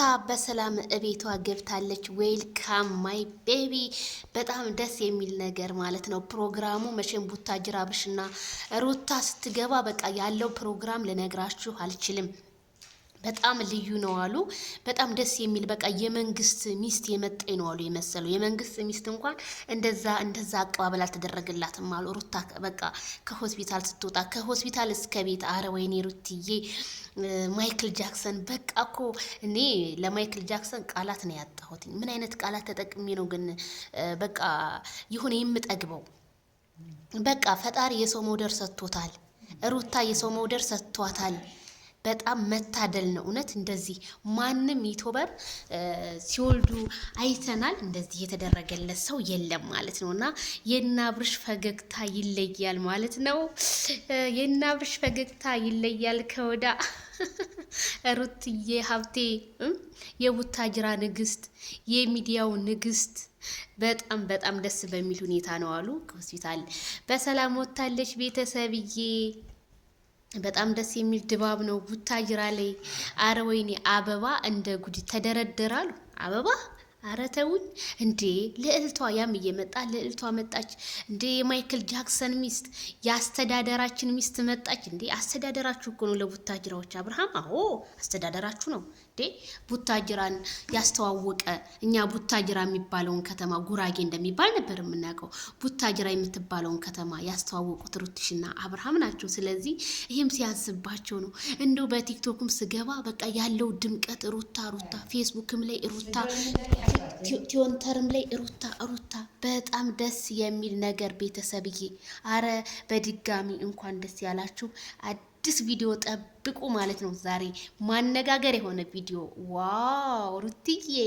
ሩታ በሰላም እቤቷ ገብታለች። ዌልካም ማይ ቤቢ። በጣም ደስ የሚል ነገር ማለት ነው። ፕሮግራሙ መቼም ቡታ ጅራብሽና ሩታ ስትገባ በቃ ያለው ፕሮግራም ልነግራችሁ አልችልም። በጣም ልዩ ነው አሉ። በጣም ደስ የሚል በቃ የመንግስት ሚስት የመጣኝ ነው አሉ የመሰለው። የመንግስት ሚስት እንኳን እንደዛ እንደዛ አቀባበል አልተደረገላትም አሉ። ሩታ በቃ ከሆስፒታል ስትወጣ ከሆስፒታል እስከ ቤት አረ ወይኔ ሩትዬ፣ ማይክል ጃክሰን በቃ እኮ እኔ ለማይክል ጃክሰን ቃላት ነው ያጣሁት። ምን አይነት ቃላት ተጠቅሜ ነው ግን በቃ ይሁን የምጠግበው። በቃ ፈጣሪ የሰው መውደር ሰጥቶታል። ሩታ የሰው መውደር ሰጥቷታል። በጣም መታደል ነው። እውነት እንደዚህ ማንም ዩቲዩበር ሲወልዱ አይተናል፣ እንደዚህ የተደረገለት ሰው የለም ማለት ነው። እና የናብርሽ ፈገግታ ይለያል ማለት ነው። የናብርሽ ፈገግታ ይለያል ከወዳ ሩትዬ ሀብቴ የቡታጅራ ንግስት፣ የሚዲያው ንግስት በጣም በጣም ደስ በሚል ሁኔታ ነው አሉ። ሆስፒታል በሰላም ወጥታለች ቤተሰብዬ በጣም ደስ የሚል ድባብ ነው ቡታጅራ ላይ። አረ ወይኔ አበባ እንደ ጉድ ተደረደራሉ አበባ አረ ተውኝ እንዴ! ልዕልቷ ያም እየመጣ ልዕልቷ መጣች እንዴ! የማይክል ጃክሰን ሚስት የአስተዳደራችን ሚስት መጣች እንዴ! አስተዳደራችሁ እኮ ነው ለቡታጅራዎች አብርሃም። አዎ አስተዳደራችሁ ነው እንዴ ቡታጅራን ያስተዋወቀ። እኛ ቡታጅራ የሚባለውን ከተማ ጉራጌ እንደሚባል ነበር የምናውቀው። ቡታጅራ የምትባለውን ከተማ ያስተዋወቁት ሩትሽና አብርሃም ናቸው። ስለዚህ ይህም ሲያንስባቸው ነው። እንደው በቲክቶክም ስገባ በቃ ያለው ድምቀት ሩታ ሩታ፣ ፌስቡክም ላይ ሩታ ቲዮንተርም ላይ ሩታ ሩታ በጣም ደስ የሚል ነገር ቤተሰብዬ፣ አረ በድጋሚ እንኳን ደስ ያላችሁ። አዲስ ቪዲዮ ጠብቁ ማለት ነው። ዛሬ ማነጋገር የሆነ ቪዲዮ ዋው ሩትዬ